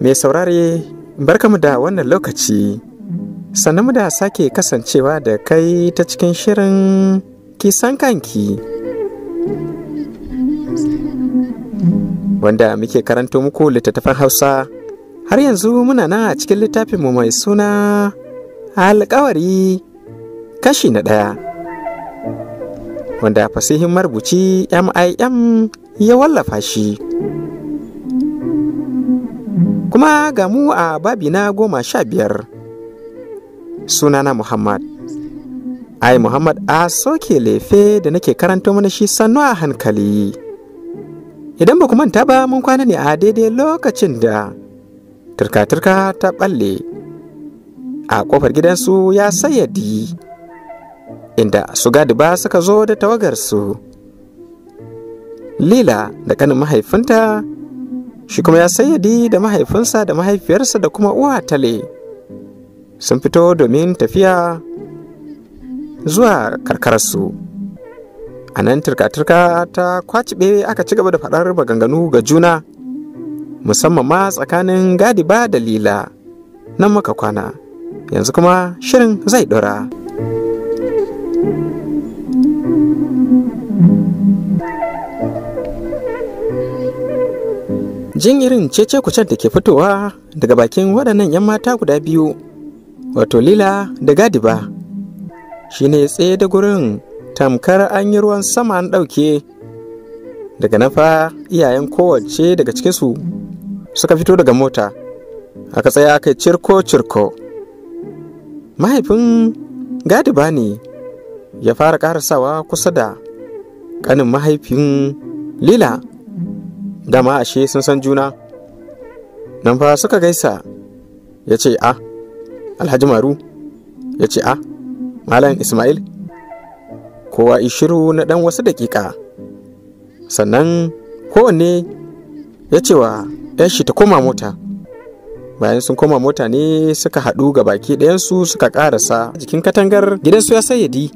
Mai saurare barkamu da wannan lokaci sannan da sake kasancewa da kai ta cikin shirin kisan kanki wanda muke karanto muku littattafan hausa har yanzu muna nan a cikin littafinmu mai suna alkawari kashi na ɗaya wanda fasihin marubuci MIM ya wallafa shi. Kuma ga mu a babi na goma sha biyar sunana Muhammad. Ai Muhammad a soke lefe da nake karanto mana shi sannu a hankali. Idan ba manta ba mun kwana ne a daidai lokacin da turka-turka ta ɓalle a ƙofar gidansu ya sayyadi. inda su ba suka zo da tawagarsu lila da kanin mahaifinta shi kuma ya sayyadi da mahaifinsa da mahaifiyarsa da kuma uwa tale sun fito domin tafiya zuwa karkararsu a nan turka-turka ta kwacibe aka ci gaba da faɗar maganganu ga juna musamman ma tsakanin gadiba da lila nan muka kwana yanzu kuma shirin zai ɗora jin irin cece kucar da ke fitowa daga bakin waɗannan 'yan mata guda biyu wato lila da gadiba shi ne tsaye da gurin tamkar an yi ruwan sama an ɗauke daga nafa iyayen kowace daga cikinsu suka fito daga mota aka tsaya aka cirko-cirko mahaifin gadiba ne ya fara karasawa kusa da ƙanin mahaifin lila dama ashe sun san juna nan fa suka gaisa ya ce a ah, alhaji maru ya ce a ah, malam ismail kowa ishiru na ɗan wasu daƙiƙa sannan kowanne ya ce wa shi ta koma mota bayan sun koma mota ne suka haɗu ga baki ɗayansu suka ƙarasa jikin katangar gidansu ya sayyadi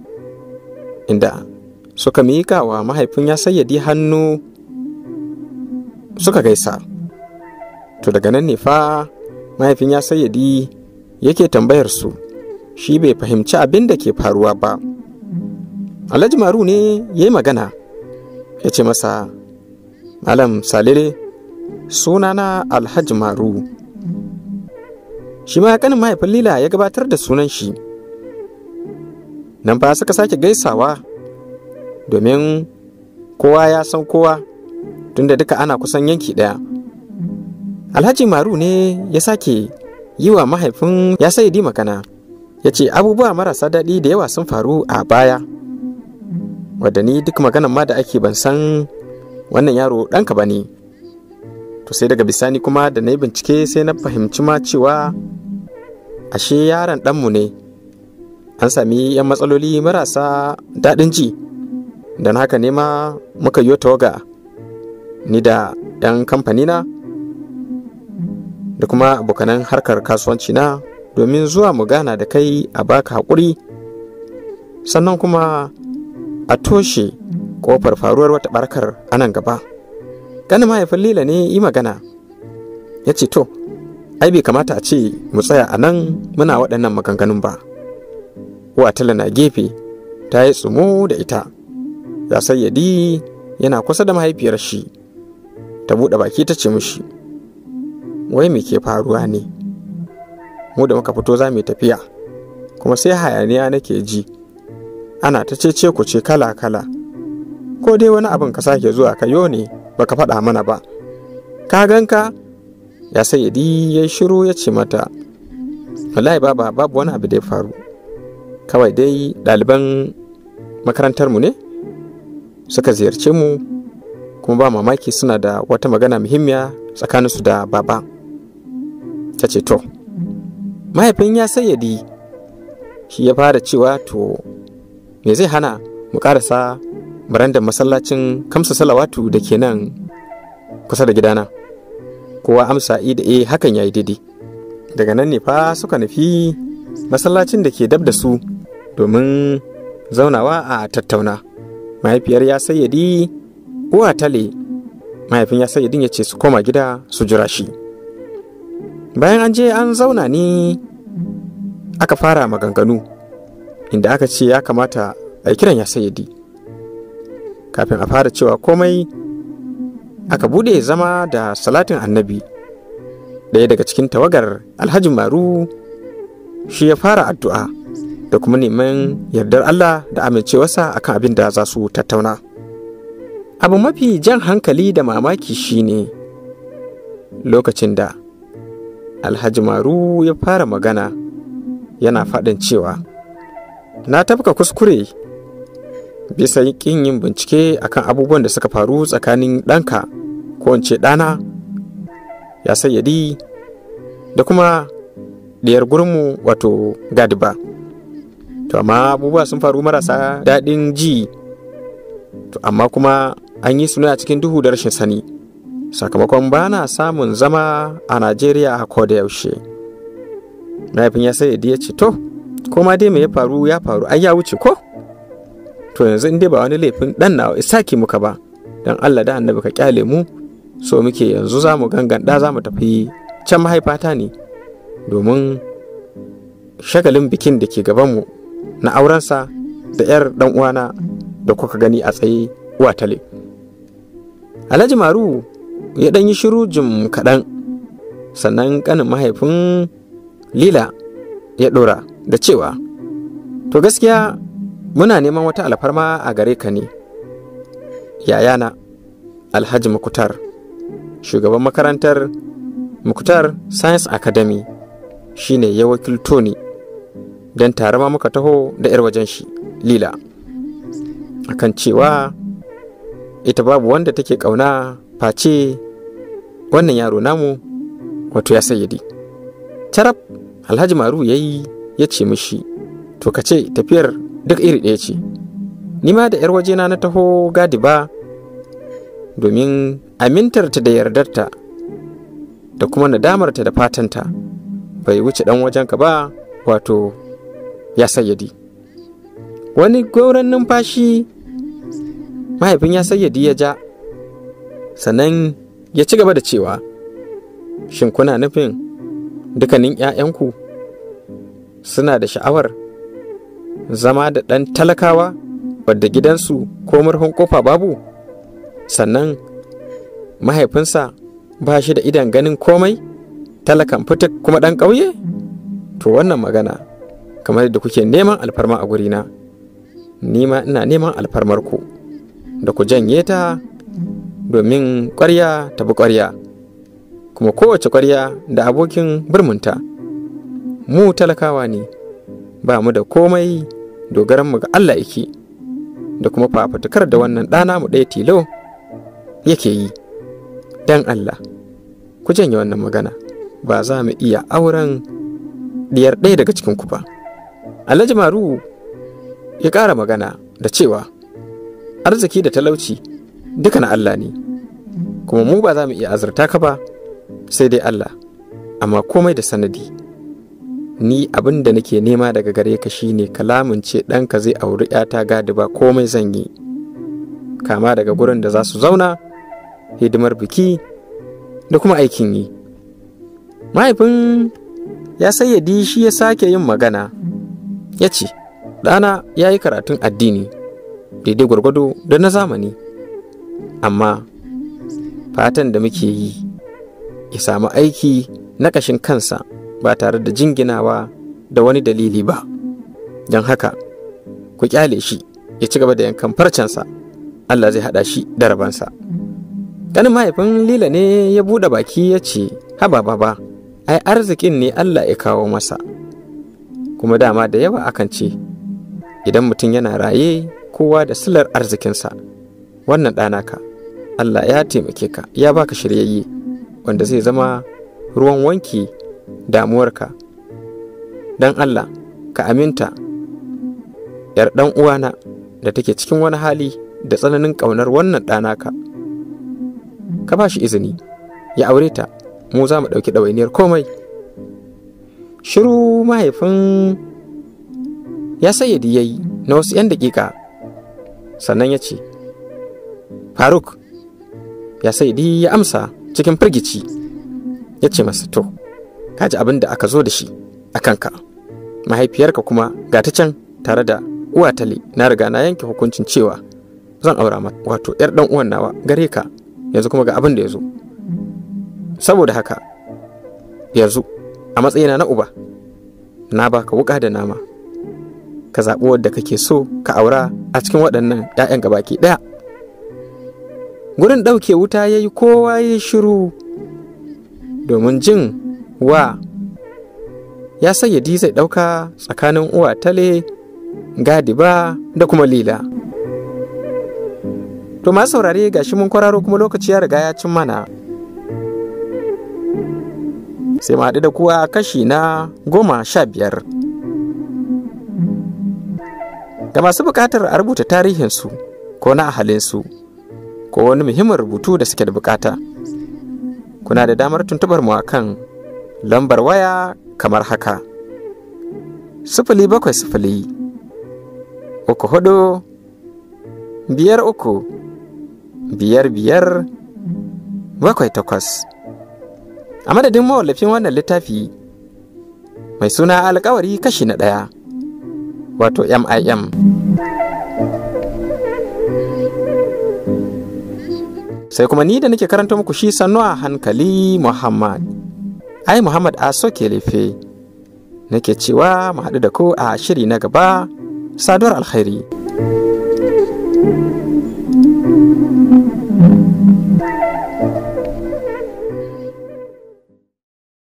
inda suka miƙa wa mahaifin ya sayyadi hannu suka gaisa to daga nan ne fa mahaifin ya sayyadi yake tambayar su shi bai fahimci abin da ke faruwa ba alhaji maru ne ya yi magana ya ce masa malam salire na alhaji maru shi ma kanin mahaifin lila ya gabatar da sunan shi nan ba suka sake gaisawa domin kowa ya san kowa tunda duka ana kusan yanki ɗaya alhaji maru ne ya sake yi wa mahaifin ya di makana ya ce abubuwa marasa daɗi da yawa sun faru a baya wadda ni duk maganan ma da ake ban san wannan yaro ɗanka ba ne to sai daga bisani kuma da na yi bincike sai na fahimci ma cewa ashe yaron ɗanmu ne an sami 'yan matsaloli marasa daɗin ji don haka ne ma muka yi tawaga ni da 'yan kamfanina da kuma abokanan harkar kasuwanci na domin zuwa mu gana da kai a baka haƙuri sannan kuma a toshe ƙofar faruwar wata barkar a nan gaba Gani mahaifin lila ne yi magana ya ce to ai bai kamata a ce mu tsaya a nan muna waɗannan maganganun ba watala na gefe ta yi tsumo da ita ya sayyadi yana kusa da mahaifiyar shi ta buɗe baki ta ce mishi wai me ke faruwa ne mu da muka fito za mu tafiya kuma sai hayaniya nake ji ana ta cece ku ce kala kala ko dai wani abin ka sake zuwa ka yo ne baka faɗa mana ba ka ganka ya sai ya shiru ya ce mata wallahi baba babu wani abu da ya faru kawai dai ɗaliban mu ne suka ziyarce mu kuma ba mamaki suna da wata magana muhimmiya tsakaninsu da baba ta ce to mahaifin ya sayyadi shi ya fara cewa to me zai hana mu karasa barandar masallacin kamsa salawatu da ke nan kusa da gidana kowa amsa i da e hakan ya yi daidai daga nan ne fa suka nufi masallacin da ke dab da su domin zaunawa a tattauna mahaifiyar ya sayyadi uwa tale mahaifin ya sai ya ce su koma gida su jira shi bayan an je an zauna ne aka fara maganganu inda aka ce ya kamata a kiran ya sayyadi kafin a fara cewa komai aka bude zama da salatin annabi ɗaya daga cikin tawagar alhaji maru shi ya fara addu'a da kuma neman yardar allah da amincewarsa akan abin da za su tattauna abu mafi jan hankali da mamaki shine lokacin da alhaji maru ya fara magana yana faɗin cewa na tafka kuskure bisa ƙin yin bincike akan abubuwan da suka faru tsakanin ɗanka ko ce ɗana ya sayyadi da kuma ɗiyar gurmu wato gadiba to amma abubuwa sun faru marasa daɗin ji to amma kuma an yi suna a cikin duhu da rashin sani sakamakon ba na samun zama a najeriya a koda yaushe mahaifin ya sai ya ce to kuma dai mai ya faru ya faru ai ya wuce ko to yanzu in dai ba wani laifin dan na isaki muka ba dan Allah da annabi ka kyale mu so muke yanzu za mu gangan da za mu tafi can mahaifata ne domin shagalin bikin da ke gabanmu na aurensa da 'yar dan uwana da kuka gani a tsaye uwa alhaji maru ya ɗan yi shiru jim kaɗan sannan ƙanin mahaifin lila ya ɗora da cewa to gaskiya muna neman wata alfarma a gare ka ne yayana alhaji mukutar shugaban makarantar mukutar science academy shi ne ya wakilto ni don tare ma muka taho da 'yar wajen shi lila akan cewa ita babu wanda take ƙauna face wannan yaro namu wato ya sayyadi carab alhaji maru ya yi ya ce mishi to ka ce tafiyar duk iri ɗaya ce ni ma da 'yar wajena na taho gadi ba domin amintarta da yardarta da kuma nadamarta da fatanta bai wuce ɗan wajenka ba wato ya sayyadi wani gauran numfashi mahaifin ya sayyadi ya ja sannan ya ci gaba da cewa shin kuna nufin dukanin 'ya'yanku suna da sha'awar zama da ɗan talakawa wadda gidansu ko murhun kofa babu sannan mahaifinsa ba shi da idan ganin komai talakan fitar kuma ɗan ƙauye to wannan magana kamar da kuke neman alfarma a gurina nima ina neman alfarmar ku da ku janye ta domin ƙwarya ta bi ƙwarya kuma kowace ƙwarya da abokin birminta mu talakawa ne ba mu da komai dogaran mu ga Allah yake da kuma fafatukar da wannan ɗana mu ɗaya tilo yake yi don Allah ku janye wannan magana ba za mu iya auren ɗiyar ɗaya daga cikinku ba alhaji maru ya ƙara magana da cewa arziki da talauci duka na Allah ne kuma mu ba za mu iya azurta ka ba sai dai Allah amma komai da sanadi ni abin da nake nema daga gare ka shine kalamin ce ɗanka zai auri 'yata gadi ba komai zan yi kama daga gurin da za su zauna hidimar biki da kuma aikin yi mahaifin ya sayyadi shi ya sake yin magana ya ce ɗana ya yi karatun addini daidai gwargwado da na zamani amma fatan da muke yi ya samu aiki na ƙashin kansa ba tare da jinginawa da wani dalili ba don haka ku kyale shi ya ci gaba da yankan farcensa Allah zai haɗa shi da rabansa Ƙanin mahaifin lila ne ya buɗe baki ya ce haba baba ai arzikin ne Allah ya kawo masa kuma dama da yawa akan ce idan mutum yana raye kowa da silar arzikinsa wannan ɗanaka Allah ya taimake ka ya baka shiryayye wanda zai zama ruwan wanki damuwarka don Allah ka aminta ‘yar ɗan uwana da take cikin wani hali da tsananin ƙaunar wannan ɗanaka ka ba shi izini ya aure ta mu za mu ɗauki ɗawainiyar komai shiru mahaifin ya sayyadi ya yi na wasu 'yan daƙiƙa sannan ya ce faruk ya sai di ya amsa cikin firgici ya ce masa to ka abin da aka zo da shi a kanka mahaifiyarka kuma ga ta can tare da uwa tale na riga na yanke hukuncin cewa zan aura ma wato yar dan uwan nawa gare ka yanzu kuma ga abin da ya zo saboda haka yanzu a matsayina na uba na baka wuka da nama ka zaɓi wadda kake so ka aura a cikin waɗannan 'ya'yan gabaki ɗaya gurin ɗauke wuta ya yi kowa ya shiru domin jin wa ya sayyadi zai ɗauka tsakanin uwa tale ba da kuma lila to ma saurare gashi mun kwararo kuma lokaci ya riga ya cin mana sai ma haɗu da kuwa kashi na goma sha biyar da masu buƙatar a rubuta tarihinsu ko na ahalinsu ko wani muhimmin rubutu da suke da buƙata. Kuna da damar tuntubar mu akan lambar waya kamar haka. Sifili bakwai sifili, uku hudu, biyar uku, biyar biyar, bakwai takwas. A madadin mawallafin wannan littafi mai suna alkawari kashi na ɗaya. wato MIM. Sai kuma ni da nake karanta muku shi sannu a hankali Muhammad. Ai Muhammad Aso lefe nake cewa mu haɗu da ku a shiri na gaba saduwar alkhairi.